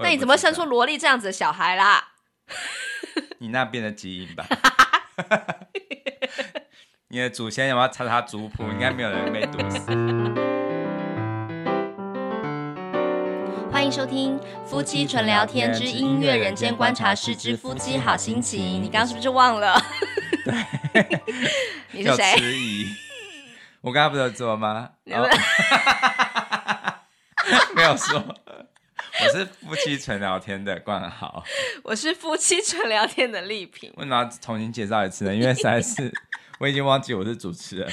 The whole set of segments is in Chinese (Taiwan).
那你怎麼生出蘿莉這樣子的小孩啦？ 你那邊的基因吧。 你的祖先有沒有查查，族譜應該沒有人被毒死。 歡迎收聽《夫妻純聊天之音樂人間觀察室之夫妻好星琴》。 你剛剛是不是就忘了？ 對。你是誰？我剛剛不是有做嗎？ 沒有說。我是夫妻純聊天的冠豪，我是夫妻純聊天的麗萍。我拿重新介紹一次呢，因為實在是 我已經忘記我是主持人。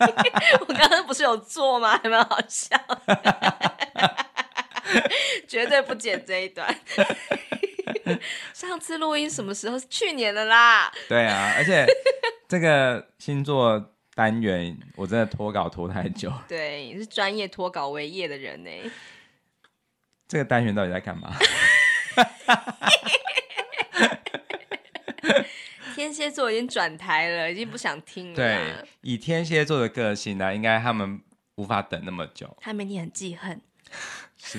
我剛剛不是有做嗎？還蠻好笑的， 絕對不剪這一段。 上次錄音什麼時候？是去年的啦。對啊，而且這個星座單元我真的拖稿拖太久了。對，你是專業拖稿為業的人呢、欸。這個單元到底在幹嘛？ 天蠍座已經轉台了，已經不想聽了。對，以天蠍座的個性呢，應該他們無法等那麼久。他們也很記恨。是，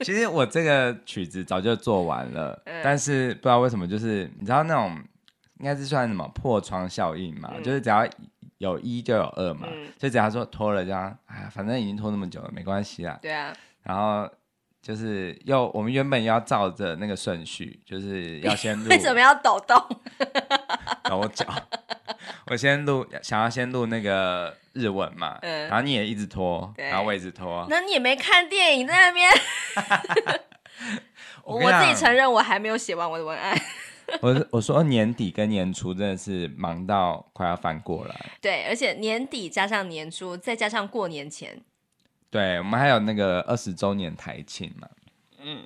其實我這個曲子早就做完了， 但是不知道為什麼，就是你知道那種應該是算什麼破窗效應嘛？嗯、就是只要有一就有二嘛，就、嗯、假如說拖了這樣，哎呀，反正已經拖那麼久了，沒關係啦。對啊，然後。就是要我們原本要照着那個順序，就是要先錄。為什麼要抖動？抖 我腳我先錄，想要先錄那個日文嘛。嗯、然後你也一直拖，對然後我也一直拖。那你也沒看電影在那邊。 我自己承認，我還沒有寫完我的文案 我。我我說年底跟年初真的是忙到快要翻過了。對，而且年底加上年初，再加上過年前。對我們還有那個二十周年台慶嘛，嗯，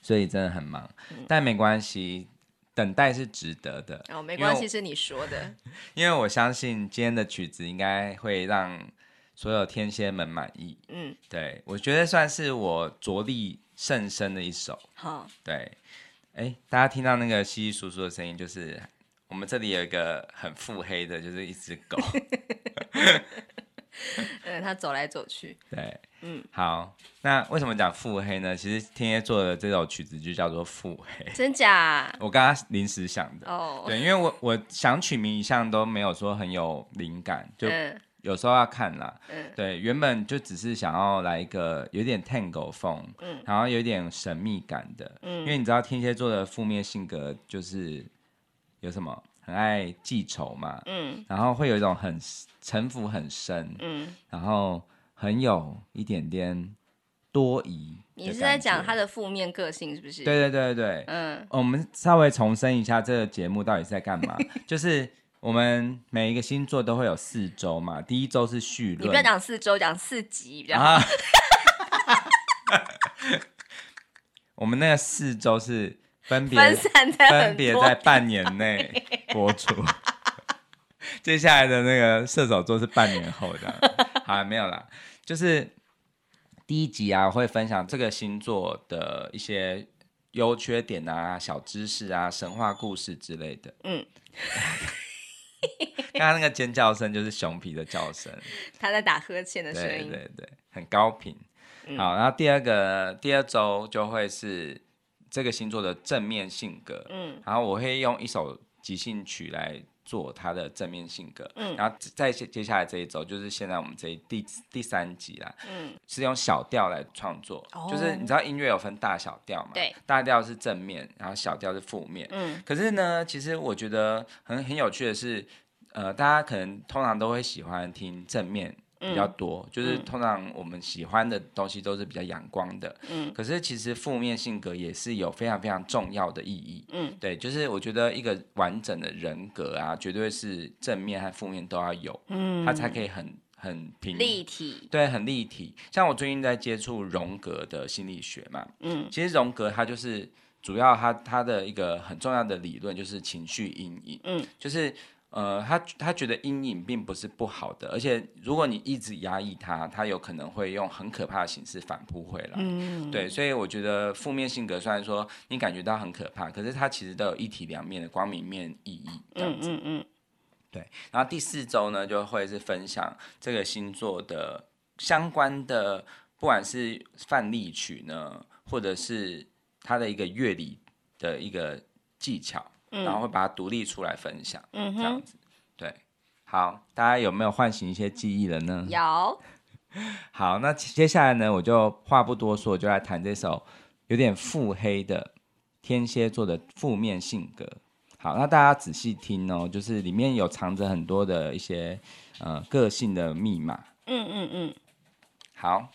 所以真的很忙，嗯、但沒關係，等待是值得的哦。沒關係是你說的， 因為我相信今天的曲子應該會讓所有天蠍們滿意。嗯，對，我覺得算是我着力甚深的一首。好、哦，對，哎、欸，大家聽到那個稀稀疏疏的聲音，就是我們這裡有一個很腹黑的，就是一只狗。 呃、 嗯，他走來走去，對，嗯，好，那為什麼講腹黑呢？其實天蠍座的這首曲子就叫做腹黑，真假、啊？我剛剛臨時想的，哦、oh，對，因為我我想取名一向都沒有說很有靈感，就有時候要看啦，嗯、對，原本就只是想要來一個有一點 Tango 風，嗯、然後有點神秘感的，嗯，因為你知道天蠍座的負面性格就是有什麼很愛記仇嘛，嗯，然後會有一種很。城府很深，嗯，然後很有一點點多疑。你是在講他的負面個性，是不是？對對對對對，嗯。我們稍微重申一下，這個節目到底是在幹嘛？ 就是我們每一個星座都會有四周嘛，第一周是序論，你不要講四周，講四集。然後，我們那個四周是分別，分散在分別在半年內播出。 接下來的那個射手座是半年後的 好，沒有啦，就是第一集啊會分享這個星座的一些優缺點啊、小知識啊、神話故事之類的。嗯，剛剛那個尖叫聲就是熊皮的叫聲，他在打呵欠的聲音，對對對，很高頻。嗯、好，然後第二個第二周就會是這個星座的正面性格，嗯，然後我會用一首即興曲來。做他的正面性格，嗯，然後在接接下來這一周就是現在我們這第第三集啦，嗯，是用小調來創作，哦，就是你知道音樂有分大小調嘛，對，大調是正面，然後小調是負面，嗯，可是呢，其實我覺得很很有趣的是，呃，大家可能通常都會喜歡聽正面。嗯、比較多，就是通常我們喜歡的東西都是比較陽光的。嗯，可是其實負面性格也是有非常非常重要的意義。嗯，對，就是我覺得一個完整的人格啊，絕對是正面和負面都要有，嗯，它才可以很很平。立體。對，很立體。像我最近在接觸榮格的心理學嘛，嗯，其實榮格他就是主要他他的一個很重要的理論就是情緒陰影，嗯，就是。呃，他他覺得陰影並不是不好的，而且如果你一直壓抑他，他有可能會用很可怕的形式反撲回來。嗯、嗯，對，所以我覺得負面性格雖然說你感覺到很可怕，可是他其實都有一體兩面的光明面意義這樣子。嗯、嗯嗯，對。然後第四周呢，就會是分享這個星座的相關的，不管是範例曲呢，或者是他的一個樂理的一個技巧。然後會把它獨立出來分享，嗯、哼這樣子，對，好，大家有沒有喚醒一些記憶了呢？有， 好，那接下來呢，我就話不多說，就來談這首有點腹黑的天蠍座的負面性格。好，那大家仔細聽哦，就是裡面有藏着很多的一些、呃、個性的密碼。嗯嗯嗯，好。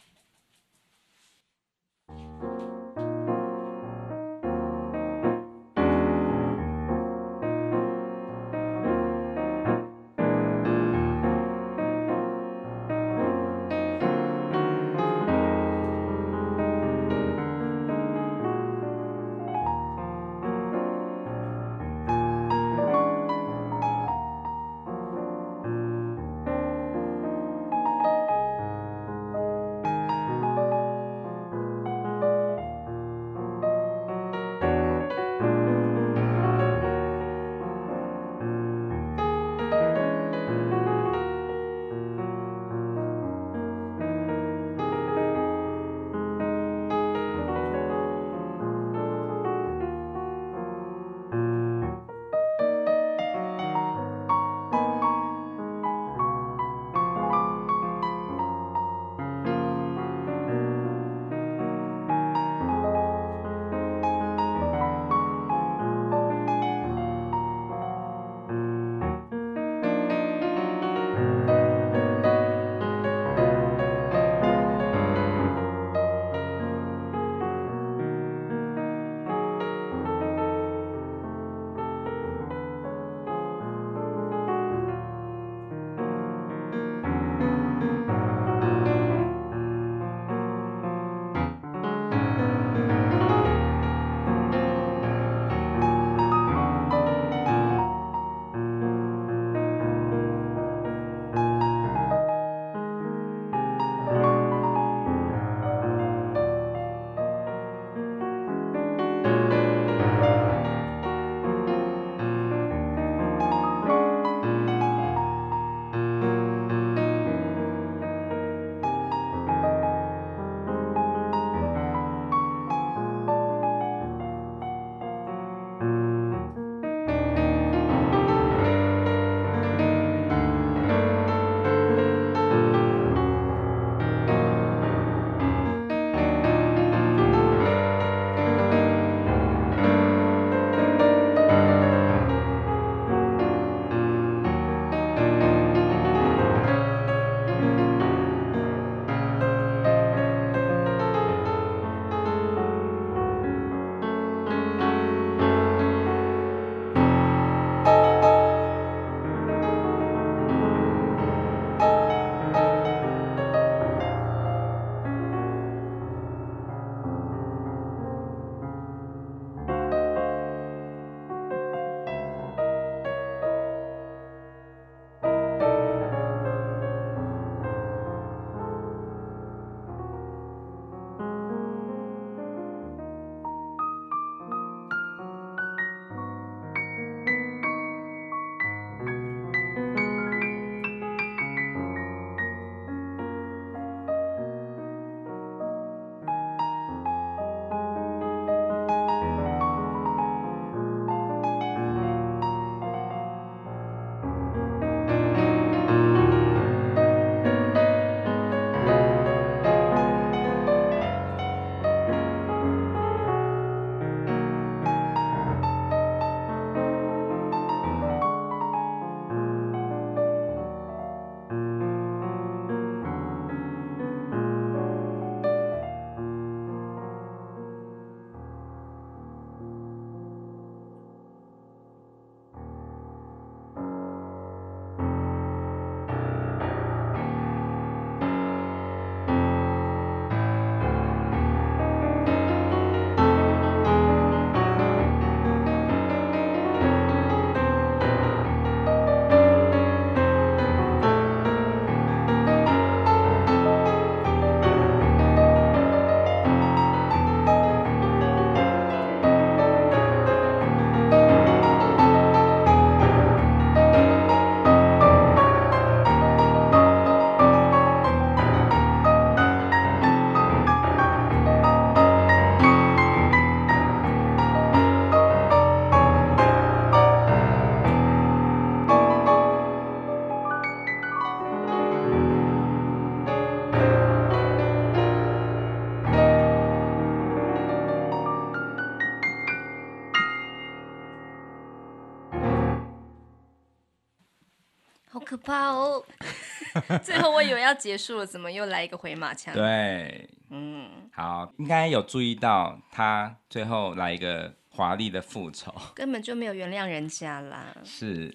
最後我以為要結束了，怎麼又來一個回馬槍？對，嗯，好，應該有注意到他最後來一個華麗的復仇，根本就沒有原諒人家啦。是，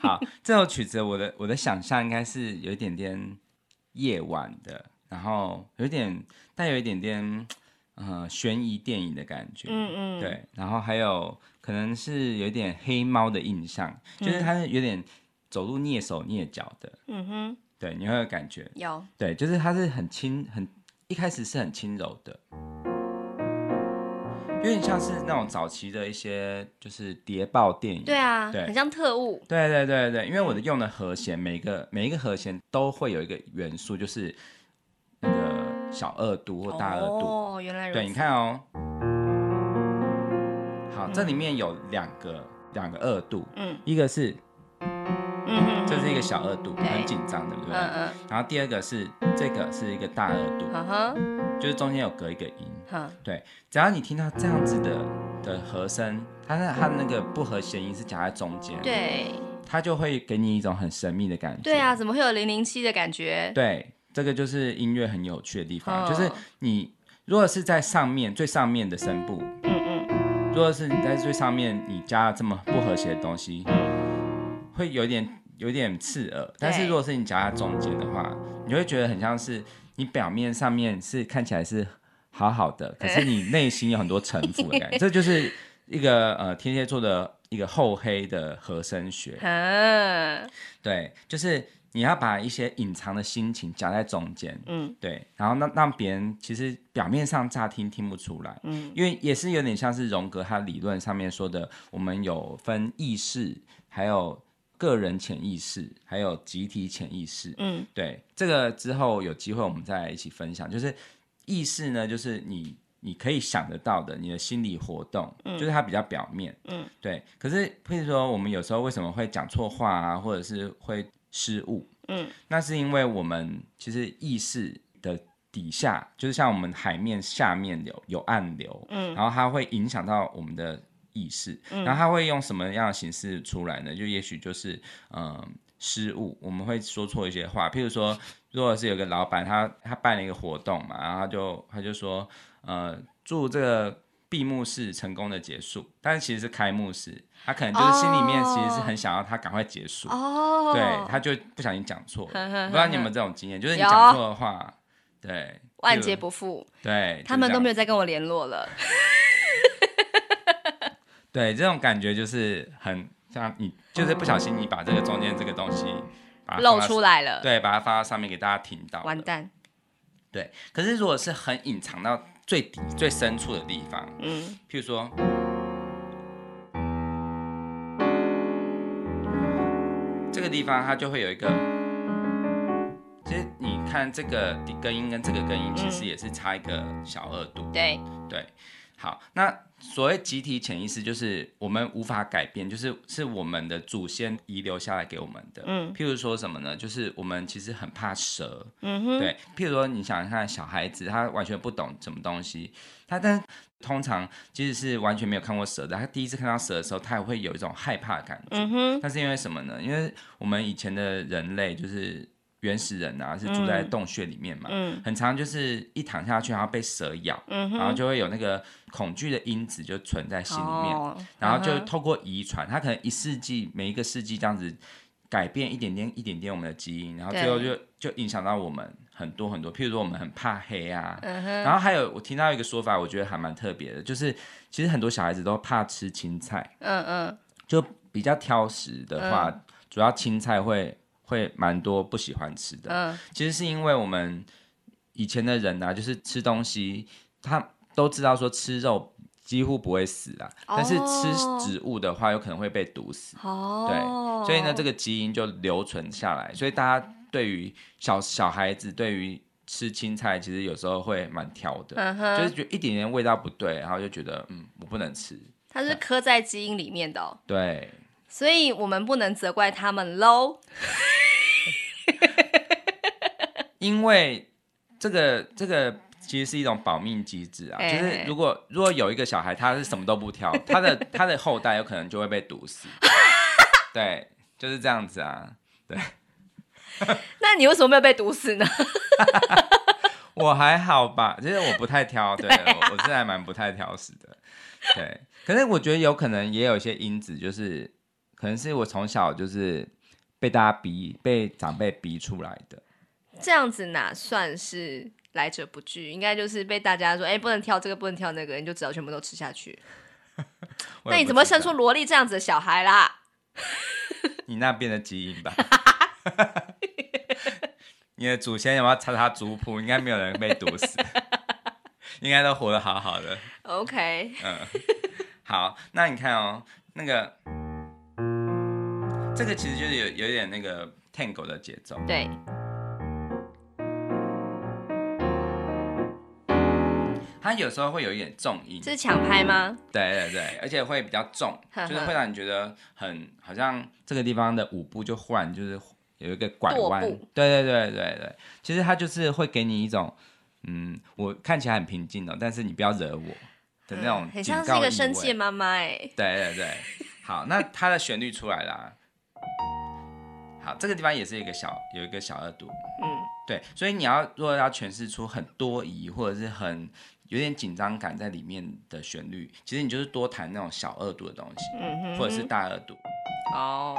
好，這首曲子我的我的想象應該是有一點點夜晚的，然後有點帶有一點點呃懸疑電影的感覺，嗯嗯，對，然後還有可能是有一點黑貓的印象，嗯、就是它是有點。走路躡手躡腳的，嗯哼，對，你會有感覺，有，對，就是它是很輕，很，一開始是很輕柔的，有點像是那種早期的一些就是諜報電影，對啊，對，很像特務，對對對對，因為我的用的和弦，每個每一個和弦都會有一個元素，就是那個小二度或大二度，哦，原來如此，對，你看哦，好，這裡面有兩個兩個二度，嗯，一個是。嗯，這是一個小二度，對很緊張的，對不對？嗯嗯、呃呃。然後第二個是這個是一個大二度，呵呵就是中間有隔一個音。嗯呵，對。只要你聽到這樣子的的和聲，它的它的那個不和諧音是夾在中間。對。它就會給你一種很神秘的感覺。對啊，怎麼會有零零七的感覺？對，這個就是音樂很有趣的地方，呵就是你如果是在上面最上面的聲部，嗯嗯，如果是你在最上面你加了這麼不和諧的東西。會有點有點刺耳，但是如果是你夾在中間的話，對你會覺得很像是你表面上面是看起來是好好的，可是你內心有很多城府的感覺，對這就是一個呃天蠍座的一個厚黑的和聲學。啊、對，就是你要把一些隱藏的心情夾在中間，嗯，對，然後讓讓別人其實表面上乍聽聽不出來，嗯，因為也是有點像是榮格他理論上面說的，我們有分意識還有，個人潛意識還有集體潛意識，嗯，對，這個之後有機會我們再來一起分享。就是意識呢，就是你你可以想得到的，你的心理活動，嗯，就是它比較表面，嗯，對。可是譬如說，我們有時候為什麼會講錯話啊，或者是會失誤，嗯，那是因為我們其實意識的底下，就是像我們海面下面有有暗流，嗯，然後它會影響到我們的。意識，然後他會用什麼樣的形式出來呢？嗯、就也許就是嗯、呃、失誤，我們會說錯一些話。譬如說，如果是有個老闆，他他辦了一個活動嘛，然後他就他就說，呃，祝這個閉幕式成功的結束，但其實是開幕式，他可能就是心裡面其實是很想要他趕快結束，哦、對他就不小心講錯了，呵呵呵，不知道你有沒有這種經驗？就是你講錯的話，有對，萬劫不復，對他們都沒有再跟我聯絡了。 對，這種感覺就是很像你，就是不小心你把這個中間這個東西把它，露出來了。對，把它發到上面給大家聽到。完蛋。對，可是如果是很隱藏到最底最深處的地方，嗯，譬如說這個地方它就會有一個，其實你看這個底根音跟這個根音其實也是差一個小二度。對、嗯、對。對好，那所謂集體潛意識就是我們無法改變，就是是我們的祖先遺留下來給我們的。嗯，譬如說什麼呢？就是我們其實很怕蛇。嗯哼，對。譬如說，你想，想看小孩子，他完全不懂什麼東西，他但通常即使是完全沒有看過蛇的。他第一次看到蛇的時候，他也會有一種害怕的感覺。嗯哼，那是因為什麼呢？因為我們以前的人類就是。原始人啊，是住在洞穴裡面嘛？嗯，嗯很常就是一躺下去，然後被蛇咬，嗯哼然後就會有那個恐懼的因子就存在心裡面，哦、然後就透過遺傳，嗯、哼他可能一世紀每一個世紀這樣子改變一點點一點點我們的基因，然後最後就對就影響到我們很多很多。譬如說我們很怕黑啊，嗯、哼然後還有我聽到一個說法，我覺得還蠻特別的，就是其實很多小孩子都怕吃青菜，嗯嗯，就比較挑食的話，嗯、主要青菜會，會蠻多不喜歡吃的，嗯、呃，其實是因為我們以前的人吶、啊，就是吃東西，他都知道說吃肉幾乎不會死啊。哦、但是吃植物的話有可能會被毒死，哦，對，所以呢這個基因就留存下來，哦、所以大家對於小小孩子對於吃青菜，其實有時候會蠻挑的，嗯、哼就是覺得一點點味道不對，然後就覺得嗯我不能吃，它是刻在基因裡面的、哦嗯，對。所以我們不能責怪他們嘍，因為這個這個其實是一種保命機制啊，欸欸就是如果如果有一個小孩他是什麼都不挑，欸、他的他的後代有可能就會被毒死， 對，就是這樣子啊，對。那你為什麼沒有被毒死呢？ 我還好吧，其實我不太挑，對，對啊、我是還蠻不太挑食的，對。可是我覺得有可能也有一些因子就是。可能是我從小就是被大家逼，被長輩逼出來的。這樣子哪算是來者不拒？應該就是被大家說：“哎、欸，不能挑這個，不能挑那個，你就只要全部都吃下去。 ”那你怎麼生出蘿莉這樣子的小孩啦？你那邊的基因吧。 你的祖先有沒有查查族譜？應該沒有人被毒死， 應該都活得好好的。OK 。嗯。好，那你看哦，那個。這個其實就是有有點那個 Tango 的節奏，對。它有時候會有一點重音，這是強拍嗎？嗯？對對對，而且會比較重， 就是會讓你覺得很好像這個地方的舞步就換，就是有一個拐彎。步對對對對對，其實它就是會給你一種，嗯，我看起來很平靜的、哦，但是你不要惹我的那種，很像是一個生氣的媽媽哎、欸。對對對，好，那它的旋律出來啦。 好，這個地方也是一個小有一個小二度，嗯，對，所以你要如果要詮釋出很多疑或者是很有點緊張感在裡面的旋律，其實你就是多彈那種小二度的東西，嗯哼，哼，或者是大二度。哦，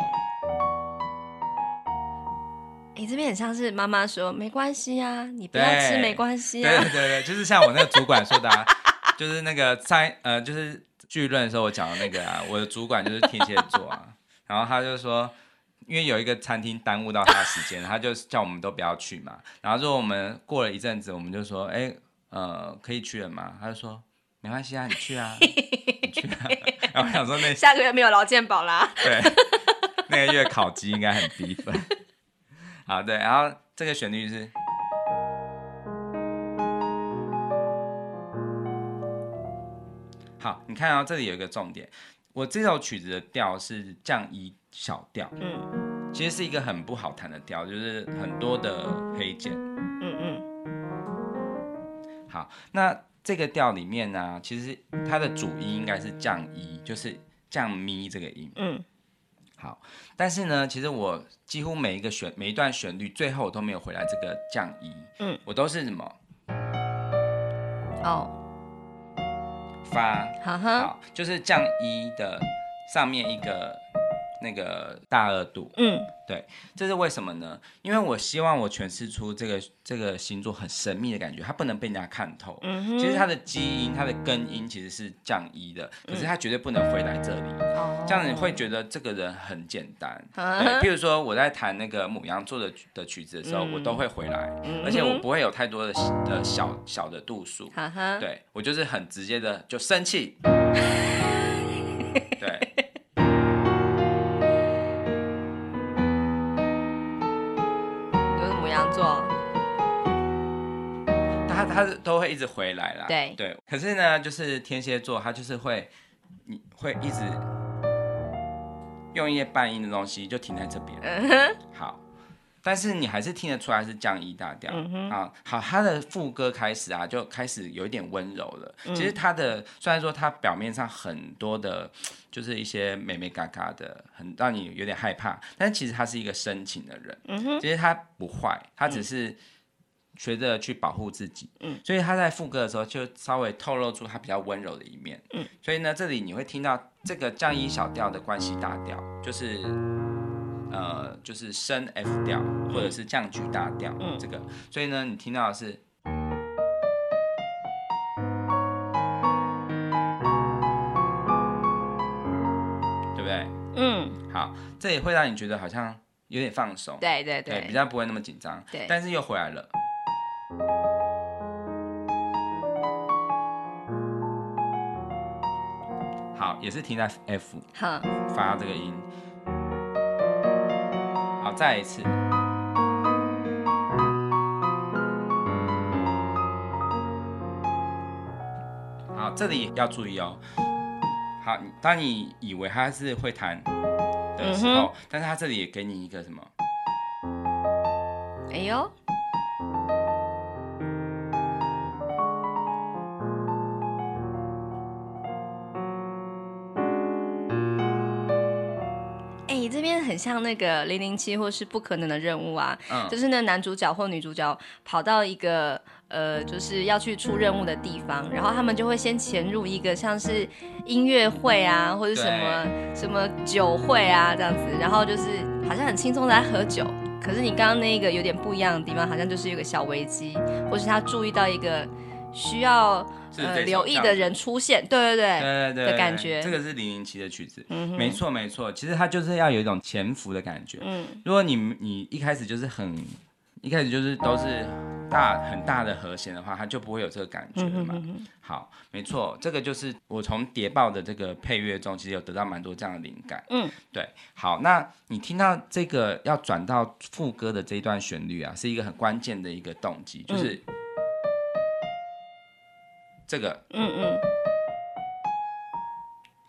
哎、欸，這邊很像是媽媽說沒關係啊，你不要吃沒關係啊，對對對，就是像我那個主管說的、啊， 就是那個在呃就是聚論的時候我講的那個啊，我的主管就是天蠍座啊。然後他就說，因為有一個餐廳耽誤到他的時間，他就叫我們都不要去嘛。 然後說我們過了一陣子，我們就說，哎，呃，可以去了嗎？他就說，沒關係啊，你去啊， 你去啊。然後想說那，那下個月沒有勞健保啦， 對，那個月烤雞應該很低分。好，對，然後這個旋律是，好，你看到、哦、這裡有一個重點。我這首曲子的調是降一小調，嗯，其實是一個很不好彈的調，就是很多的黑鍵。嗯，嗯嗯。好，那這個調裡面呢，啊，其實它的主音應該是降一，就是降咪這個音，嗯。好，但是呢，其實我幾乎每一個選，每一段旋律，最後我都沒有回來這個降一，嗯，我都是什麼？哦。Oh. 發好，好，就是降一的上面一個。那個大二度，嗯，對，這是為什麼呢？因為我希望我詮釋出這個這個星座很神秘的感覺，它不能被人家看透。嗯哼，其實它的基因，它的根音其實是降一的，可是它絕對不能回來這裡。嗯、這樣你會覺得這個人很簡單。嗯、哦，比如說我在彈那個牡羊座的的曲子的時候，嗯、我都會回來，而且我不會有太多的，的小小的度數。嗯、對我就是很直接的就生氣。 對。嗯、他都會一直回來啦，對對。可是呢，就是天蠍座，他就是會，你會一直用一些半音的東西，就停在這邊。嗯、哼好，但是你還是聽得出來是降 E 大調，嗯、哼啊。好，他的副歌開始啊，就開始有一點溫柔了。嗯、其實他的，雖然說他表面上很多的，就是一些美美嘎嘎的，很讓你有點害怕，但其實他是一個深情的人。嗯、哼其實他不壞，他只是。嗯學着去保護自己，嗯，所以他在副歌的時候就稍微透露出他比較溫柔的一面，嗯，所以呢，這裡你會聽到這個降一小調的關係大調，就是呃，就是升 F 調或者是降 G 大調，嗯、這個，所以呢，你聽到的是，嗯、對不對？嗯，好，這也會讓你覺得好像有點放鬆，對對對，對，比較不會那麼緊張，對，但是又回來了。好，也是停在 F，好，發這個音，好，再一次，好，這裡要注意哦。好，當你以為他是會彈的時候，嗯、哼但是他這裡也給你一個什麼？哎呦！像那個《零零七》或是《不可能的任務》啊，嗯、就是那男主角或女主角跑到一個呃，就是要去出任務的地方，然後他們就會先潛入一個像是音樂會啊，或是什麼對什麼酒會啊這樣子，然後就是好像很輕鬆的在喝酒。可是你剛剛那個有點不一樣的地方，好像就是有個小危機，或是他注意到一個。需要、嗯呃、留意的人出現，是對，像對對對，對，對,對的感覺。對對對這個是零零七的曲子，嗯、哼沒錯沒錯。其實它就是要有一種潛伏的感覺。嗯，如果你你一開始就是很一開始就是都是大很大的和弦的話，它就不會有這個感覺了嘛。嗯、哼哼好，沒錯，這個就是我從《諜報》的這個配樂中，其實有得到蠻多這樣的靈感。嗯，對。好，那你聽到這個要轉到副歌的這一段旋律啊，是一個很關鍵的一個動機，就是。嗯這個，嗯嗯，嗯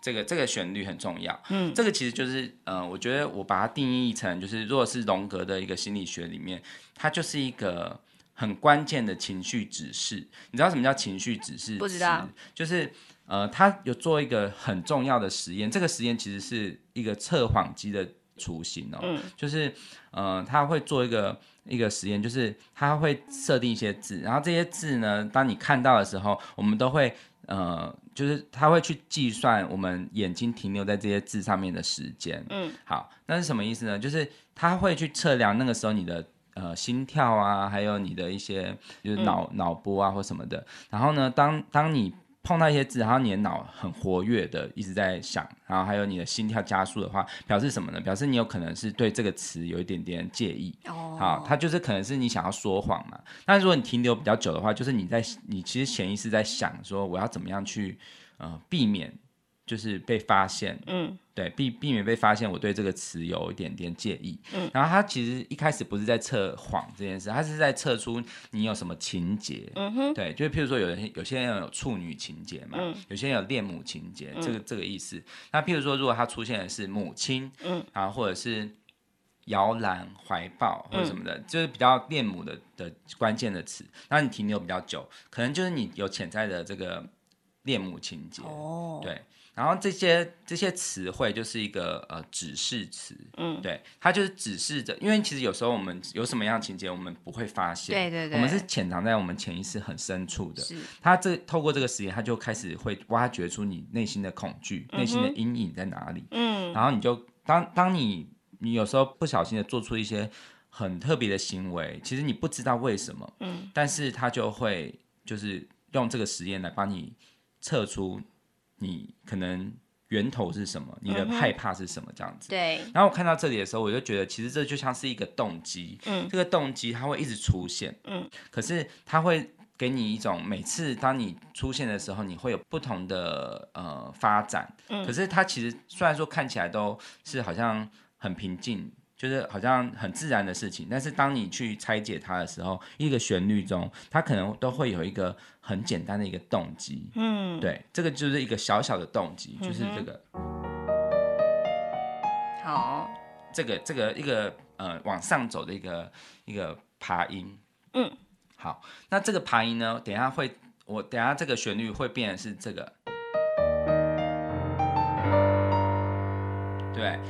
這個這個旋律很重要，嗯，這個其實就是，呃，我覺得我把它定義成就是，如果是榮格的一個心理學裡面，它就是一個很關鍵的情緒指示。你知道什麼叫情緒指示？不知道，就是，呃，他有做一個很重要的實驗，這個實驗其實是一個測謊機的。雛形哦，就是，呃，他會做一個一個實驗，就是他會設定一些字，然後這些字呢，當你看到的時候，我們都會呃，就是他會去計算我們眼睛停留在這些字上面的時間。嗯，好，那是什麼意思呢？就是他會去測量那個時候你的呃心跳啊，還有你的一些就是腦腦波啊或什麼的。然後呢，當當你碰到一些字，然後你的腦很活躍的一直在想，然後還有你的心跳加速的話，表示什麼呢？表示你有可能是對這個詞有一點點介意。好、Oh. 啊，它就是可能是你想要說謊嘛。但如果你停留比較久的話，就是你在你其實潛意識在想說，我要怎麼樣去、呃、避免，就是被發現。嗯。對，避、避免被發現，我對這個詞有一點點介意。嗯，然後他其實一開始不是在測謊這件事，他是在測出你有什麼情結。嗯、哼對，就譬如說，有人有些人有處女情結嘛，嗯、有些人有戀母情結，這個、嗯、這個意思。那譬如說，如果他出現的是母親，嗯，然後或者是搖籃、懷抱或者什麼的，嗯、就是比較戀母的的關鍵的詞，那你停留比較久，可能就是你有潛在的這個。戀母情節哦，oh. 對，然後這些這些詞彙就是一個呃指示詞，嗯，對，它就是指示着，因為其實有時候我們有什麼樣的情節，我們不會發現，對對對，我們是潛藏在我們潛意識很深處的。是，他這透過這個實驗，他就開始會挖掘出你內心的恐懼、嗯、哼內心的陰影在哪裡。嗯，然後你就當當你你有時候不小心的做出一些很特別的行為，其實你不知道為什麼，嗯，但是他就會就是用這個實驗來幫你。測出你可能源頭是什麼，你的害怕是什麼這樣子。對。然後我看到這裡的時候，我就覺得其實這就像是一個動機。嗯。這個動機它會一直出現。嗯。可是它會給你一種每次當你出現的時候，你會有不同的呃發展。可是它其實雖然說看起來都是好像很平靜。就是好像很自然的事情，但是當你去拆解它的時候，一個旋律中它可能都會有一個很簡單的一個動機，嗯，對，這個就是一個小小的動機，嗯哼，就是這個，好，這個這個一個呃往上走的一個一個爬音，嗯，好，那這個爬音呢，等下會我等下這個旋律會變的是這個。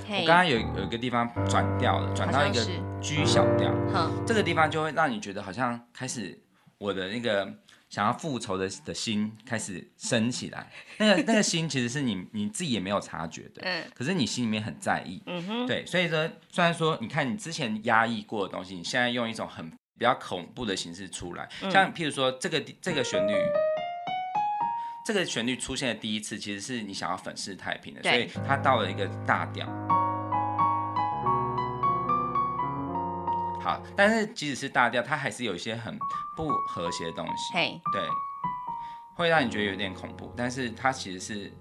對，我剛剛有有一個地方轉調了，轉到一個 G 小調，好，嗯、這個地方就會讓你覺得好像開始我的那個想要復仇的的心開始升起來，那個那個心其實是你你自己也沒有察覺的，嗯，可是你心裡面很在意，嗯、哼對，所以說，雖然說你看你之前壓抑過的東西，你現在用一種很比較恐怖的形式出來，嗯、像譬如說這個這個旋律。這個旋律出現的第一次，其實是你想要粉飾太平的，對所以它到了一個大調。好，但是即使是大調，它還是有一些很不和諧的東西，Hey 對，會讓你覺得有點恐怖，嗯、但是它其實是。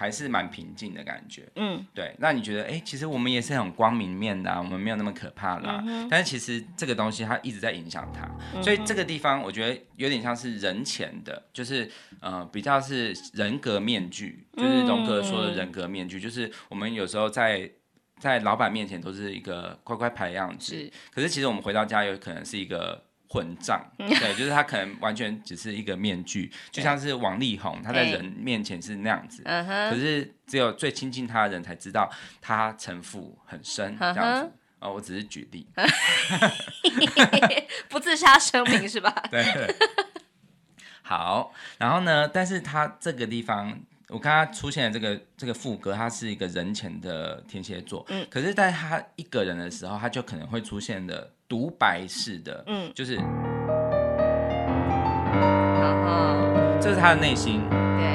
還是蠻平靜的感覺，嗯，對，那你覺得，哎、欸，其實我們也是很光明面的，啊，我們沒有那麼可怕啦，啊。嗯、哼但是其實這個東西它一直在影響他，嗯、哼所以這個地方我覺得有點像是人前的，就是、呃、比較是人格面具，就是榮格說的人格面具，嗯嗯嗯，就是我們有時候在在老闆面前都是一個乖乖牌樣子，是，可是其實我們回到家有可能是一個。混賬，對，就是他可能完全只是一個面具， 就像是王力宏，他在人面前是那樣子，對可是只有最親近他的人才知道他城府很深 這樣子。哦，我只是舉例， 不自殺聲明是吧？ 對。好，然後呢？但是他這個地方，我剛剛出現的這個這個副歌，他是一個人前的天蠍座，嗯，可是在他一個人的時候，他就可能會出現的。獨白式的，嗯，就是，然後這是他的內心，嗯、對、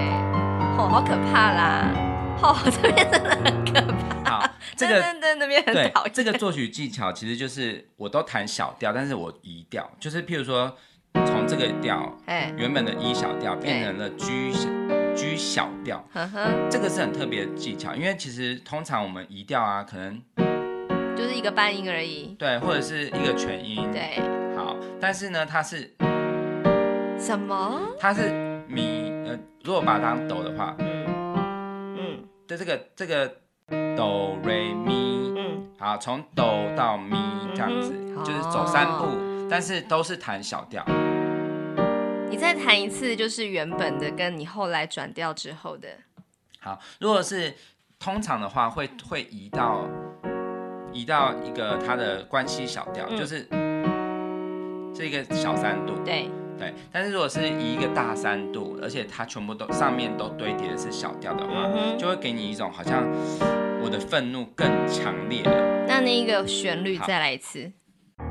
哦，好可怕啦，好、哦、這邊真的很可怕。這個真的那邊對，這個作曲技巧其實就是，我都彈小調，但是我移調，就是譬如說從這個調，哎嘿，原本的 E 小調變成了 G 小嘿 G 小調，呵呵這個是很特別的技巧，因為其實通常我們移調啊，可能。就是一個半音而已，對，或者是一個全音，對，好，但是呢，它是什麼？它是咪，呃，如果把它當哆的話，嗯，嗯，這這個這個哆瑞咪，嗯，好，從哆到咪這樣子，嗯、哼就是走三步，哦、但是都是彈小調。你再彈一次，就是原本的跟你後來轉調之後的。好，如果是通常的話會，會會移到。移到一個它的關係小調，嗯、就是這個小三度，對對。但是如果是以一個大三度，而且它全部都上面都堆疊的是小調的話，就會給你一種好像我的憤怒更強烈了。那那個旋律再來一次。好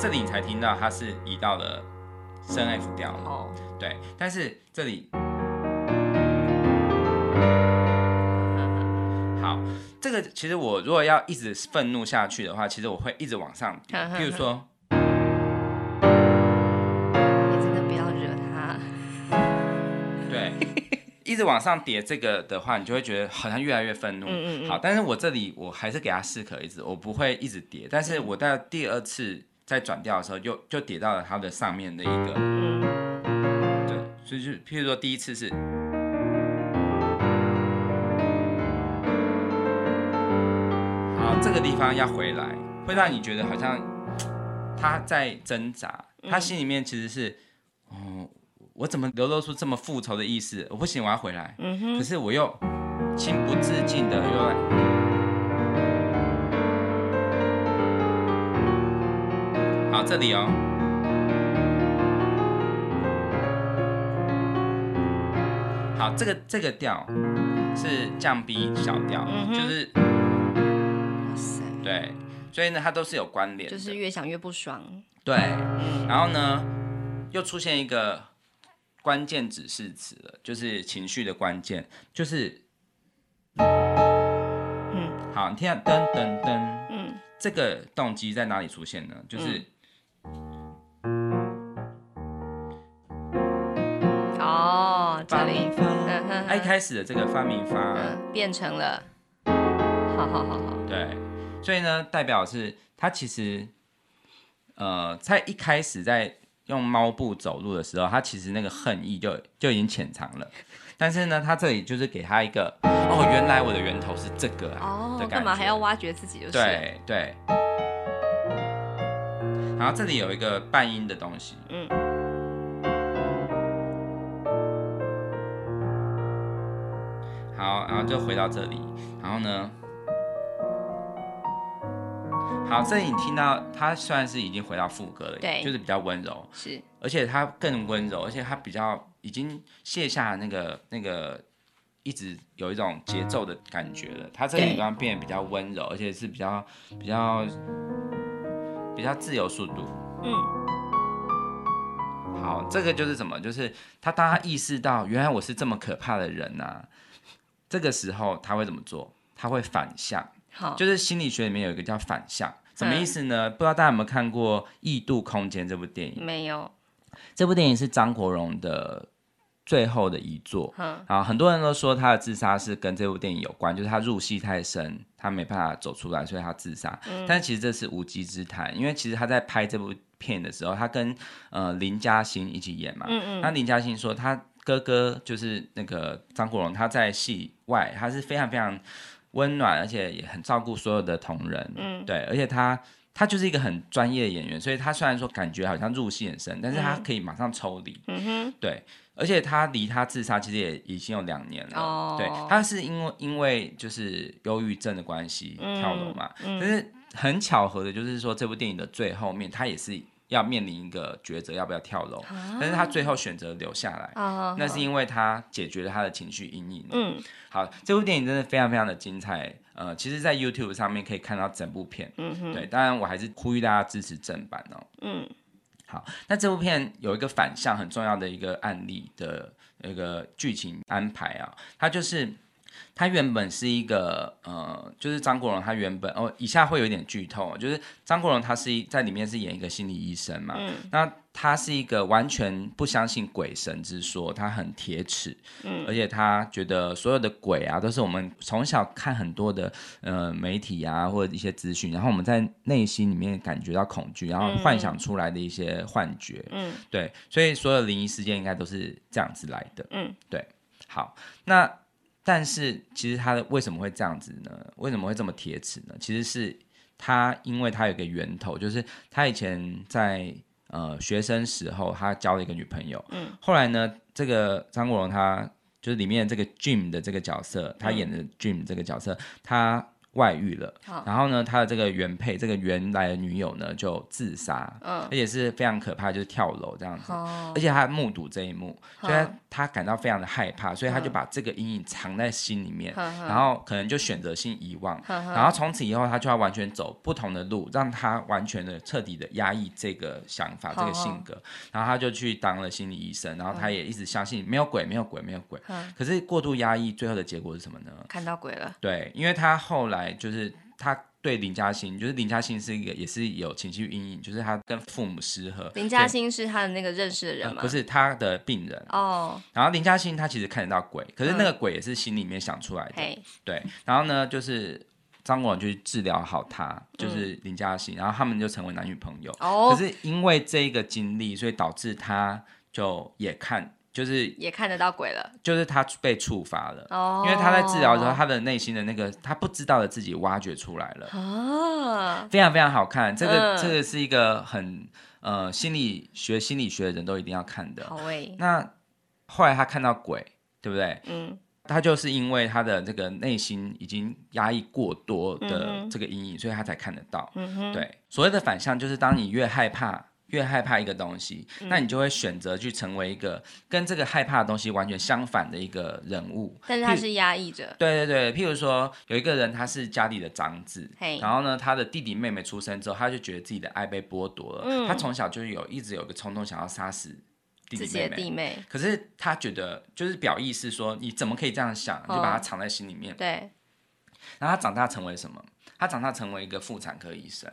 這裡你才聽到它是移到了升 F 調，哦、對，但是這裡。好，這個其實我如果要一直憤怒下去的話，其實我會一直往上。比如說，你 真的不要惹他。 對，一直往上疊這個的話，你就會覺得好像越來越憤怒。好，但是我這裡我還是給他適可而止，我不會一直疊。但是我在第二次再轉調的時候，就就疊到了它的上面的一個。對，所以就譬如說第一次是。這個地方要回來，會讓你覺得好像他在掙扎，他心裡面其實是，嗯，我怎麼流露出這麼復仇的意思？我不行，我要回來。嗯哼。可是我又情不自禁的又來，好，這裡哦。好，這個這個調是降 B 小調，嗯哼。就是。對，所以呢，它都是有關聯的，就是越想越不爽。對，然後呢，又出現一個關鍵指示詞了，就是情緒的關鍵，就是，嗯，好，你聽下噔噔噔噔，嗯，這個動機在哪裡出現呢？就是，嗯、發 哦，裡發明，嗯哼、啊啊，一開始的這個發明發、啊、變成了，好好好好，對。所以呢，代表是他其實，呃，在一開始在用貓步走路的時候，他其實那個恨意就就已經潛藏了。但是呢，他這裡就是給他一個，哦，哦，原來我的源頭是這個，啊、哦，幹嘛還要挖掘自己、就是？對對。然後這裡有一個半音的東西，嗯。好，然後就回到這裡，然後呢？好，這裡你聽到，他算是已經回到副歌了對，就是比較溫柔，是，而且他更溫柔，而且他比較已經卸下那個那個，一直有一種節奏的感覺了，他這裡剛變得比較溫柔，對而且是比較比較比較自由速度，嗯，好，這個就是什麼？就是他當他意識到原來我是這麼可怕的人啊，這個時候他會怎麼做？他會反向。好就是心理學裡面有一個叫反向，什麼意思呢？嗯、不知道大家有沒有看過《異度空間》這部電影？沒有。這部電影是張國榮的最後的遺作。嗯。啊，很多人都說他的自殺是跟這部電影有關，就是他入戲太深，他沒辦法走出來，所以他自殺。嗯、但是其實這是無稽之談，因為其實他在拍這部片的時候，他跟呃林嘉欣一起演嘛。嗯嗯。那林嘉欣說，他哥哥就是那個張國榮，他在戲外，他是非常非常。溫暖，而且也很照顧所有的同仁，嗯，對，而且他他就是一個很專業的演員，所以他雖然說感覺好像入戲很深，但是他可以馬上抽離，嗯哼，對，而且他離他自殺其實也已經有兩年了，哦，對，他是因為因為就是憂鬱症的關係跳樓嘛，嗯，但是很巧合的就是說這部電影的最後面他也是。要面臨一個抉擇，要不要跳樓？哈但是他最後選擇留下來，啊、那是因為他解決了他的情緒陰影。嗯，好，這部電影真的非常非常的精彩。呃，其實，在 YouTube 上面可以看到整部片。嗯哼。對，當然我還是呼籲大家支持正版哦。嗯，好。那這部片有一個反向很重要的一個案例的那個劇情安排啊，它就是。他原本是一個呃，就是張國榮，他原本哦，以下會有點劇透哦，就是張國榮，他是一在裡面是演一個心理醫生嘛。嗯。那他是一個完全不相信鬼神之說，他很鐵齒。嗯。而且他覺得所有的鬼啊，都是我們從小看很多的呃媒體啊，或者一些資訊，然後我們在內心裡面感覺到恐懼，然後幻想出來的一些幻覺。嗯。對，所以所有靈異事件應該都是這樣子來的。嗯。對。好，那。但是其實他為什麼會這樣子呢？為什麼會這麼鐵齒呢？其實是他，因為他有一個源頭，就是他以前在呃學生時候，他交了一個女朋友。嗯，後來呢，這個張國榮他就是裡面這個 Jim 的這個角色，他演的 Jim 這個角色，嗯、他。外遇了，然後呢，他的這個原配，這個原來的女友呢，就自殺，嗯、而且是非常可怕，就是跳樓這樣子，嗯、而且他目睹這一幕，嗯、所以他、嗯、他感到非常的害怕，所以他就把這個陰影藏在心裡面，嗯嗯嗯、然後可能就選擇性遺忘，嗯嗯嗯嗯、然後從此以後，他就要完全走不同的路，讓他完全的徹底的壓抑這個想法，嗯、這個性格，然後他就去當了心理醫生，然後他也一直相信沒有鬼，沒有鬼，沒有鬼，沒有鬼，嗯、可是過度壓抑，最後的結果是什麼呢？看到鬼了，對，因為他後來。就是他對林嘉欣，就是林嘉欣是一個也是有情緒陰影，就是他跟父母失和。林嘉欣是他的那個認識的人嗎？呃、不是他的病人哦。Oh. 然後林嘉欣他其實看得到鬼，可是那個鬼也是心裡面想出來的。Oh. 對，然後呢，就是張國榮就去治療好他，Hey. 就是林嘉欣，然後他們就成為男女朋友。哦，oh. 可是因為這個經歷，所以導致他就也看。就是也看得到鬼了，就是他被觸發了，哦、因為他在治療的時候，他的內心的那個他不知道的自己挖掘出來了，哦、非常非常好看，這個、呃、這個是一個很呃心理學心理學的人都一定要看的，好欸、那後來他看到鬼，對不對？嗯，他就是因為他的這個內心已經壓抑過多的這個陰影，嗯、哼所以他才看得到。嗯哼對，所謂的反向就是當你越害怕。越害怕一個東西，嗯、那你就會選擇去成為一個跟這個害怕的東西完全相反的一個人物。但是他是壓抑着。對對對，譬如說，有一個人他是家裡的長子，嘿然後呢，他的弟弟妹妹出生之後，他就覺得自己的愛被剝奪了。嗯、他從小就有一直有一個衝動想要殺死弟弟妹妹，妹可是他覺得就是表意是說，你怎麼可以這樣想？你就把它藏在心裡面。哦、對。然後他長大成為什麼？他長大成為一個婦產科醫生。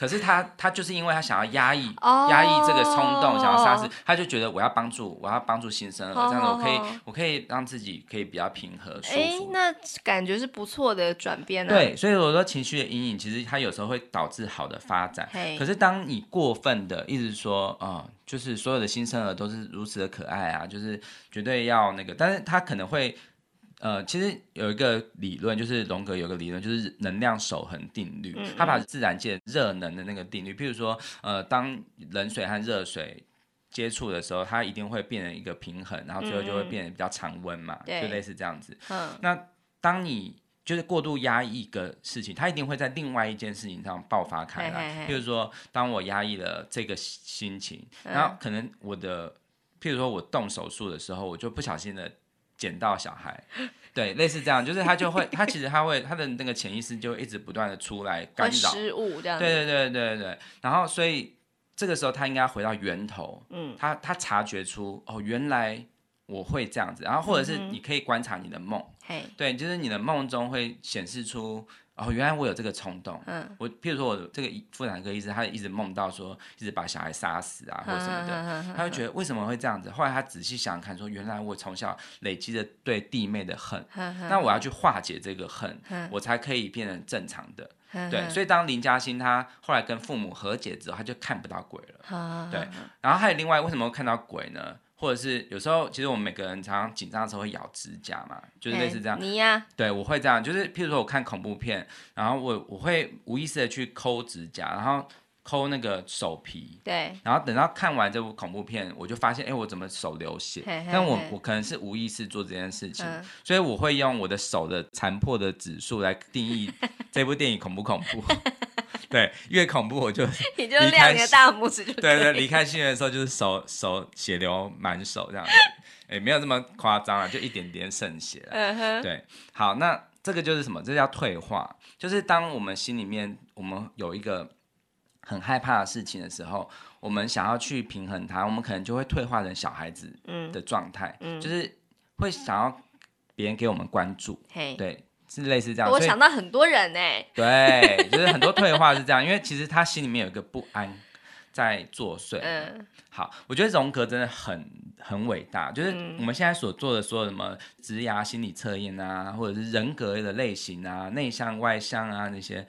可是他，他就是因為他想要壓抑，壓抑這個衝動，oh. 想要殺死，他就覺得我要幫助，我要幫助新生兒，oh. 這樣子我可以，我可以讓自己可以比較平和舒服。哎、欸，那感覺是不錯的轉變、啊。對，所以我說情緒的陰影，其實它有時候會導致好的發展。Okay. 可是當你過分的一直說，啊、嗯，就是所有的新生兒都是如此的可愛啊，就是絕對要那個，但是他可能會。呃，其實有一個理論，就是榮格有一個理論，就是能量守恆定律。嗯嗯，他把自然界熱能的那個定律，譬如說，呃，當冷水和熱水接觸的時候，它一定會變成一個平衡，然後最後就會變得比較常溫嘛，嗯嗯，就類似這樣子。對那當你就是過度壓抑一個事情，它一定會在另外一件事情上爆發開來。譬嘿如說，當我壓抑了這個心情，嗯、然後可能我的譬如說我動手術的時候，我就不小心的剪到小孩。對，類似這樣，就是他就會， 他其實他會，他的那個潛意識就一直不斷的出來干擾，失誤這樣。對，對對對對對，然後所以這個時候他應該回到源頭，嗯，他他察覺出哦，原來我會這樣子，然後或者是你可以觀察你的夢，嗯嗯，對，就是你的夢中會顯示出。哦，原來我有這個衝動。嗯，我譬如說我這個婦產科醫生，他一直夢到說，一直把小孩殺死啊，或什麼的，嗯嗯嗯嗯、他就覺得為什麼會這樣子？嗯、後來他仔細想看，說原來我從小累積着對弟妹的恨，嗯嗯、那我要去化解這個恨，嗯、我才可以變成正常的。嗯嗯嗯、對，所以當林嘉欣他後來跟父母和解之後，他就看不到鬼了。嗯嗯嗯、對，然後還有另外，為什麼會看到鬼呢？或者是有時候，其實我們每個人常常緊張的時候會咬指甲嘛，就是類似這樣。欸、你呀、啊，對，我會這樣，就是譬如說我看恐怖片，然後我我會無意識的去摳指甲，然後摳那個手皮。對。然後等到看完這部恐怖片，我就發現，哎、欸，我怎麼手流血？嘿嘿，但我我可能是無意識做這件事情，嗯、所以我會用我的手的殘破的指數來定義這部電影恐不恐怖。 對，越恐怖我就你就兩個大拇指就對，對對，離開戲院的時候就是手手血流滿手這樣，哎、 欸，沒有這麼誇張啊，就一點點滲血啦。嗯哼、uh，huh. 對，好，那這個就是什麼？這叫退化，就是當我們心裡面我們有一個很害怕的事情的時候，我們想要去平衡它，我們可能就會退化成小孩子嗯的狀態，mm hmm. 就是會想要別人給我們關注，Hey. 對。是類似這樣，我想到很多人呢、欸。對，就是很多退化是這樣， 因為其實他心裡面有一個不安在作祟。嗯，好，我覺得榮格真的很很偉大，就是我們現在所做的所有什麼職涯心理測驗啊，或者是人格的類型啊，內向外向啊那些，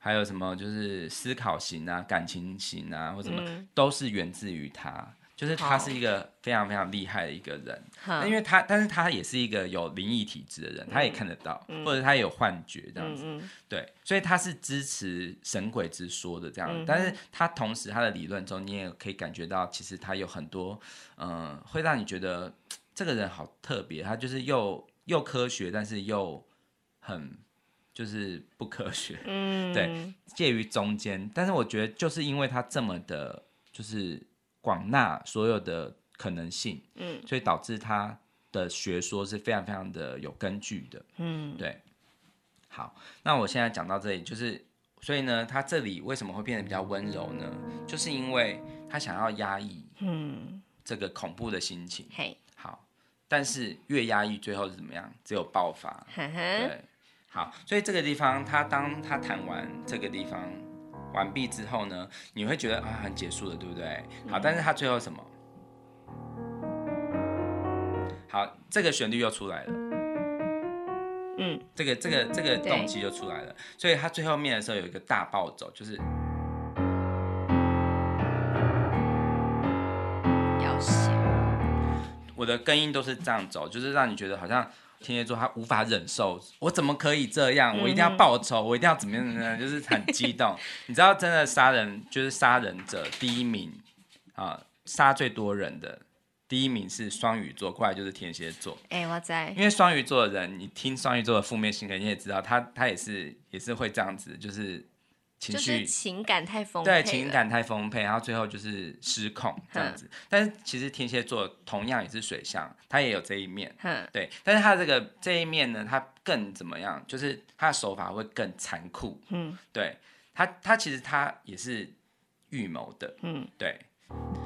還有什麼就是思考型啊、感情型啊或什麼，嗯、都是源自於他。就是他是一個非常非常厲害的一個人，好因為他，但是他也是一個有靈異體質的人，好他也看得到，嗯、或者他也有幻覺這樣子，嗯嗯對，所以他是支持神鬼之說的這樣子，嗯嗯但是他同時他的理論中，你也可以感覺到，其實他有很多，嗯、呃，會讓你覺得這個人好特別，他就是又又科學，但是又很就是不科學，嗯，嗯，對，介於中間，但是我覺得就是因為他這麼的，就是。廣納所有的可能性，嗯，所以導致他的學說是非常非常的有根據的，嗯，對。好，那我現在講到這裡，就是所以呢，他這裡為什麼會變得比較溫柔呢？就是因為他想要壓抑，嗯，這個恐怖的心情。嘿，好，但是越壓抑最後是怎麼樣？只有爆發。哈哈，對，好，所以這個地方，他當他談完這個地方。完畢之後呢，你會覺得啊，很結束了，對不對？好，但是它最後什麼？好，這個旋律又出來了，嗯、這個，這個這個這個動機就出來了，所以它最後面的時候有一個大暴走，就是，我的根音都是這樣走，就是讓你覺得好像。天蠍座他無法忍受，我怎麼可以這樣？我一定要報仇，我一定要怎麼樣？怎麼樣？就是很激動。 你知道，真的殺人就是殺人者第一名啊，殺最多人的第一名是雙魚座，過來就是天蠍座。哎、欸，我在。因為雙魚座的人，你聽雙魚座的負面性格，你也知道，他他也是也是會這樣子，就是。情就是情感太豐對情感太豐沛，然後最後就是失控這樣子。嗯，但是其實天蠍座同樣也是水象，他也有這一面。嗯，對。但是他這個這一面呢，他更怎麼樣？就是他的手法會更殘酷。嗯，對。他他其實他也是預謀的。嗯，對。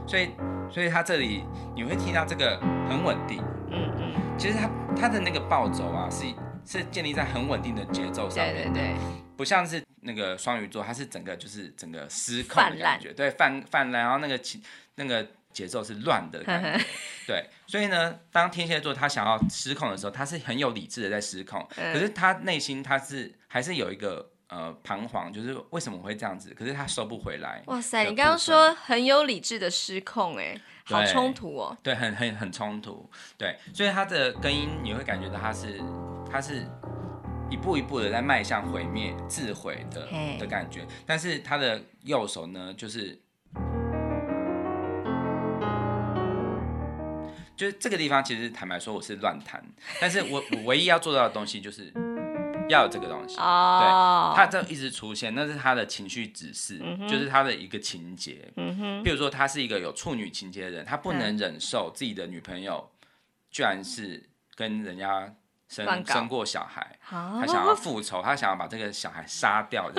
所以所以他這裡你會聽到這個很穩定。嗯嗯。其實他他的那個暴走啊是。是建立在很穩定的節奏上的，對對對，不像是那個雙魚座，它是整個就是整個失控的感覺，泛濫，對，泛泛濫，然後那個那個節奏是亂的，呵呵對。所以呢，當天蠍座他想要失控的時候，他是很有理智的在失控，嗯、可是他內心他是還是有一個呃彷徨，就是為什麼會這樣子，可是他收不回來。哇塞，哭哭，你剛剛說很有理智的失控，哎，好衝突哦，對，對，很很很衝突，對，所以他的根音你會感覺到他是。他是一步一步的在邁向毀滅、自毀的 Hey. 的感覺，但是他的右手呢，就是就是這個地方，其實坦白說我是亂彈，但是我我唯一要做到的東西就是要有這個東西， 對，他這一直出現，那是他的情緒指示，oh. 就是他的一個情節，比、mm hmm. 如說他是一個有處女情結的人，他不能忍受自己的女朋友居然是跟人家。生生過小孩，他想要復仇，他想要把這個小孩殺掉，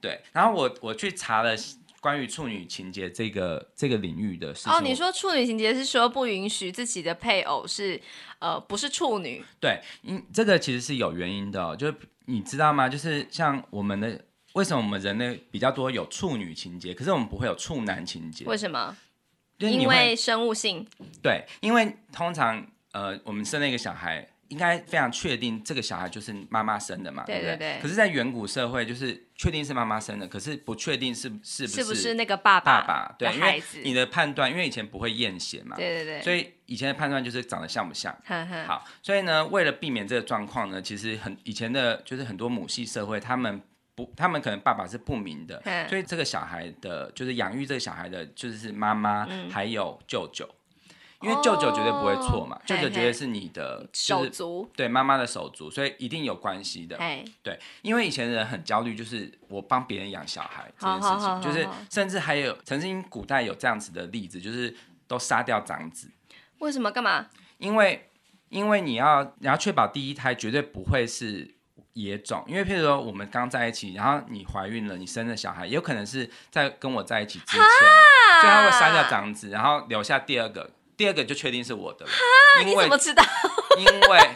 對，然後我我去查了關於處女情結這個這個領域的事哦，你說處女情結是說不允許自己的配偶是呃不是處女？對，因這個其實是有原因的，哦，就是你知道嗎？就是像我們的為什麼我們人類比較多有處女情結，可是我們不會有處男情結。為什麼？因為生物性。對，因為通常呃我們生那個小孩。應該非常確定這個小孩就是媽媽生的嘛？對對對。對不對？可是，在遠古社會，就是確定是媽媽生的，可是不確定是是不是爸爸是不是那個爸爸爸爸？對，因為你的判斷，因為以前不會驗血嘛。對對對。所以以前的判斷就是長得像不像？呵呵。好，所以呢，為了避免這個狀況呢，其實很以前的，就是很多母系社會，他們不，他們可能爸爸是不明的。呵。所以這個小孩的，就是養育這個小孩的，就是媽媽、嗯、還有舅舅。因為舅舅絕對不會錯嘛，哦、舅舅絕對是你的手足，對媽媽的手足，所以一定有關係的。嘿對，因為以前的人很焦慮，就是我幫別人養小孩這件事情，好好好好，就是甚至還有曾經古代有這樣子的例子，就是都殺掉長子。為什麼？幹嘛？因為因為你要你要確保第一胎絕對不會是野種，因為譬如說我們剛在一起，然後你懷孕了，你生了小孩，有可能是在跟我在一起之前，哈所以他會殺掉長子，然後留下第二個。第二個就確定是我的了，哈為你怎麼知道？ 因為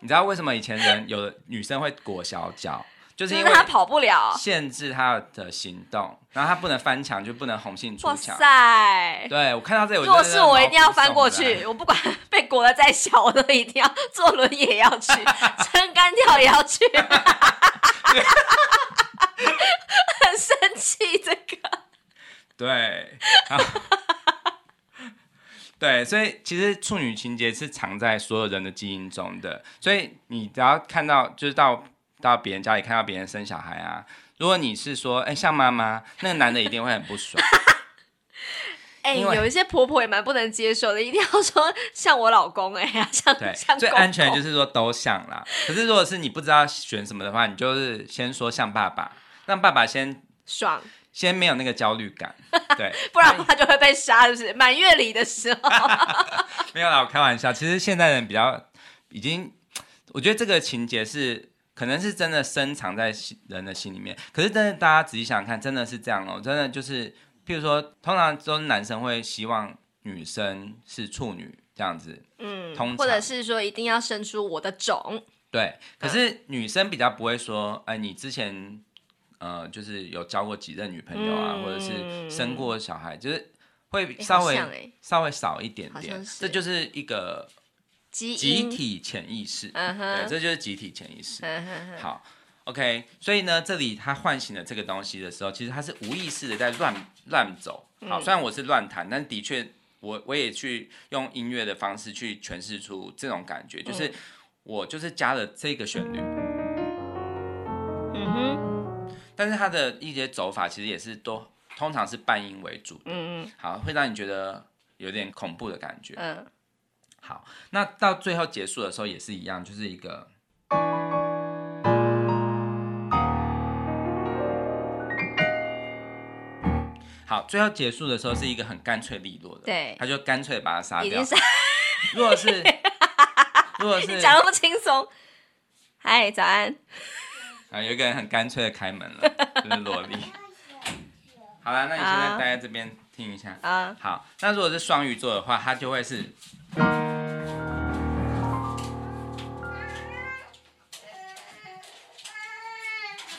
你知道為什麼以前人有的女生會裹小腳，就是因為她跑不了，限制她的行動，然後她不能翻牆，就不能紅杏出牆。哇塞！對，我看到這有做事，我一定要翻過去，我不管被裹得再小，我都一定要坐輪椅也要去，撐杆跳也要去， 很生氣這個。對。對，所以其實處女情結是藏在所有人的基因中的，所以你只要看到，就是到到別人家裡看到別人生小孩啊，如果你是說，哎、欸、像媽媽，那個男的一定會很不爽。哎、 欸，為有一些婆婆也蠻不能接受的，一定要說像我老公、欸，哎呀像對，最安全就是說都像啦。可是如果是你不知道選什麼的話，你就是先說像爸爸，讓爸爸先爽。先沒有那個焦慮感，對， 不然他就會被殺，就是滿月裡的時候 沒有啦，我開玩笑。其實現代人比較已經，我覺得這個情節是可能是真的深藏在人的心裡面。可是真的，大家仔細想想看，真的是這樣哦。真的就是，譬如說，通常都是男生會希望女生是處女這樣子，嗯，通常，或者是說一定要生出我的種。對，可是女生比較不會說，哎，你之前。呃，就是有交過幾任女朋友啊，或者是生過小孩，嗯、就是會稍微、欸欸、稍微少一點點，這就是一個集體潛意識，基因，對，這就是集體潛意識。呵呵呵好，OK，所以呢，這裡他喚醒了這個東西的時候，其實他是無意識的在亂亂走。好，嗯、雖然我是亂彈，但的確我我也去用音樂的方式去詮釋出這種感覺，就是我就是加了這個旋律。嗯嗯但是他的一些走法其實也是都通常是半音為主的，嗯嗯，好，會讓你覺得有點恐怖的感覺，嗯，好，那到最後結束的時候也是一樣，就是一個，嗯、好，最後結束的時候是一個很乾脆利落的，對，他就乾脆把他殺掉，是殺 如果是，如果是你講那麼輕鬆，嗨，早安。啊，有一個人很乾脆的開門了，就是蘿莉。 好了，那你現在待在這邊聽一下。啊好。好，那如果是雙魚座的話，他就會是。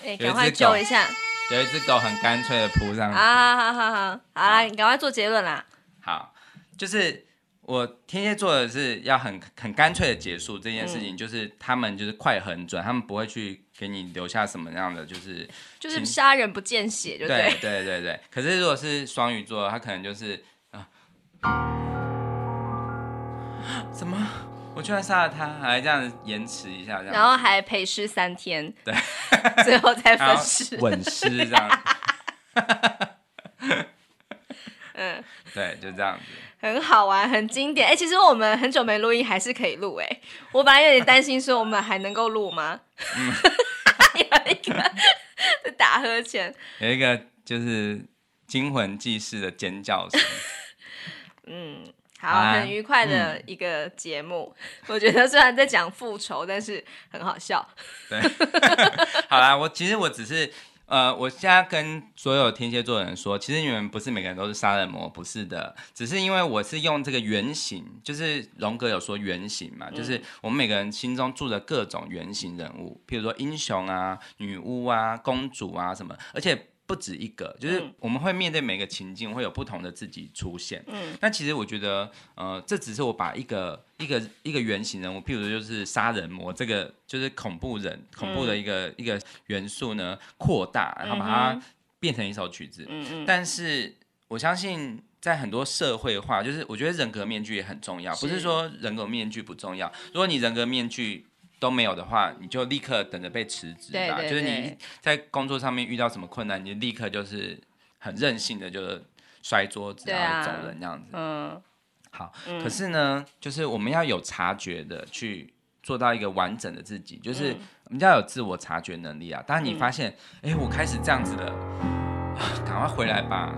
有一隻狗。趕快救一下！有一隻狗，狗很乾脆的撲上去。啊，好，好好好，好啦，好，你趕快做結論啦。好，就是我天天做的天蠍座的是要很很乾脆的結束這件事情，嗯、就是他們就是快狠準，他們不會去。給你留下什麼樣的就是就是殺人不見血就，就 對對對對。可是如果是雙魚座，他可能就是啊、怎麼，我居然殺了他，還這樣子延遲一下，這樣然後還陪屍三天，對， 最後才分屍，吻屍這樣， 嗯，對，就這樣子很好玩，很經典。哎、欸，其實我們很久沒錄音，還是可以錄哎。我本來有點擔心說我們還能夠錄嗎？ 嗯一個 打和弦潛，有一個就是驚魂記似的尖叫聲。 嗯，好，啊、很愉快的一個節目。嗯、我覺得雖然在講復仇， 但是很好笑。 對， 好啦，我其實我只是。呃，我現在跟所有天蠍座的人說，其實你們不是每個人都是殺人魔，不是的，只是因為我是用這個原型，就是榮格有說原型嘛，嗯、就是我們每個人心中住着各種原型人物，譬如說英雄啊、女巫啊、公主啊什麼，而且。不止一個，就是我們會面對每個情境，嗯、會有不同的自己出現。嗯，那其實我覺得，呃，這只是我把一個一個一個原型人物，譬如就是殺人魔這個，就是恐怖人恐怖的一個、嗯、一個元素呢，擴大，然後把它變成一首曲子。嗯嗯。嗯，但是我相信，在很多社會化，就是我覺得人格面具也很重要，是。不是說人格面具不重要。如果你人格面具都沒有的話，你就立刻等着被辭職了。對對對，就是你在工作上面遇到什麼困難，你就立刻就是很任性的，就是摔桌子啊、走人這樣子。嗯。好，可是呢，嗯、就是我們要有察覺的去做到一個完整的自己，就是我們要有自我察覺能力啊。嗯、當你發現，哎、嗯欸，我開始這樣子了，趕快回來吧。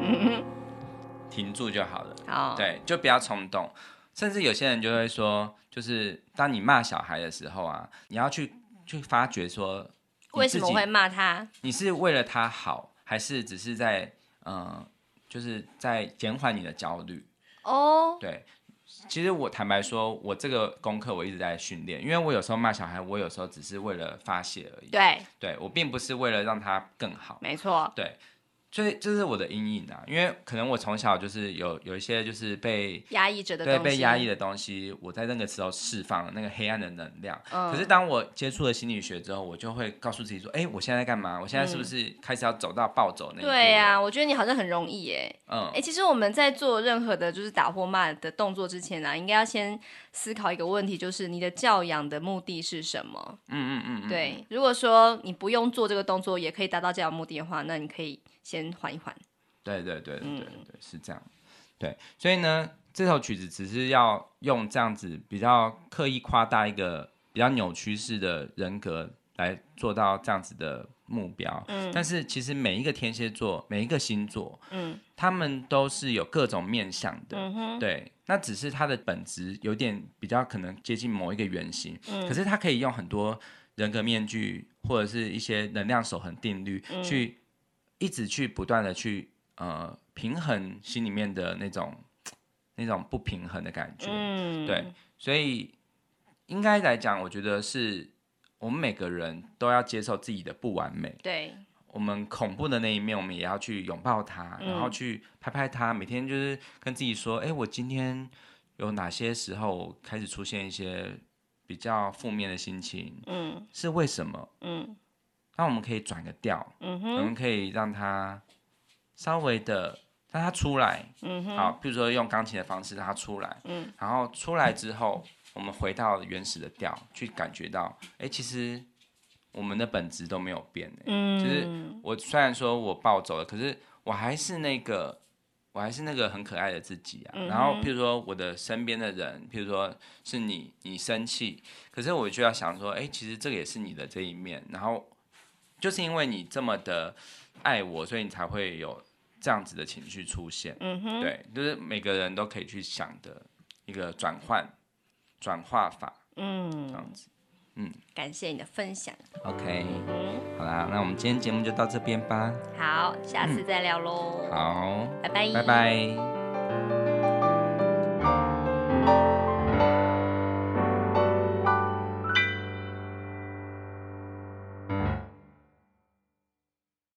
嗯嗯 停住就好了。好對，就不要衝動。甚至有些人就會說，就是當你罵小孩的時候啊，你要去去發覺說，為什麼會罵他？你是為了他好，還是只是在嗯、呃，就是在減緩你的焦慮？哦，oh. 對，其實我坦白說，我這個功課我一直在訓練，因為我有時候罵小孩，我有時候只是為了發洩而已。對，對，我並不是為了讓他更好。沒錯。對。所以就是我的陰影啊，因為可能我從小就是有有一些就是被壓抑着的東西，對，被壓抑的東西，我在那個時候釋放了那個黑暗的能量。嗯、可是當我接觸了心理學之後，我就會告訴自己說：“哎、欸，我現在在幹嘛？我現在是不是開始要走到暴走那、嗯？”對呀、啊，我覺得你好像很容易耶。嗯，哎、欸，其實我們在做任何的就是打或罵的動作之前呢、啊，應該要先思考一個問題，就是你的教養的目的是什麼？嗯，嗯嗯嗯。對，如果說你不用做這個動作也可以達到教養目的的話，那你可以。先緩一緩，對，對對對對對，嗯、是這樣，對，所以呢，這首曲子只是要用這樣子比較刻意誇大一個比較扭曲式的人格來做到這樣子的目標，嗯，但是其實每一個天蠍座，每一個星座，嗯，他們都是有各種面向的，嗯、哼對，那只是他的本質有點比較可能接近某一個原型，嗯、可是他可以用很多人格面具或者是一些能量守恆定律、嗯、去。一直去不斷的去呃平衡，心裡面的那種那種不平衡的感覺，嗯、對，所以應該來講，我覺得是我們每個人都要接受自己的不完美，對我們恐怖的那一面，我們也要去擁抱它，嗯、然後去拍拍它，每天就是跟自己說，哎、欸，我今天有哪些時候開始出現一些比較負面的心情，嗯，是為什麼？嗯。那我們可以轉個調，嗯、哼我們可以讓它稍微的讓它出來，嗯哼好，譬如說用鋼琴的方式讓它出來，嗯，然後出來之後，我們回到原始的調去感覺到，哎、欸，其實我們的本質都沒有變、欸，嗯，就是我雖然說我暴走了，可是我還是那個，我還是那個很可愛的自己啊。嗯、哼然後，譬如說我的身邊的人，譬如說是你，你生氣，可是我就要想說，哎、欸，其實這個也是你的這一面，然後，就是因為你這麼的愛我，所以你才會有這樣子的情緒出現。嗯哼，對，就是每個人都可以去想的一個轉換轉化法。嗯，這樣子，嗯，感謝你的分享。OK，嗯，好啦，那我們今天節目就到這邊吧。好，下次再聊嘍，嗯。好，拜拜，拜拜。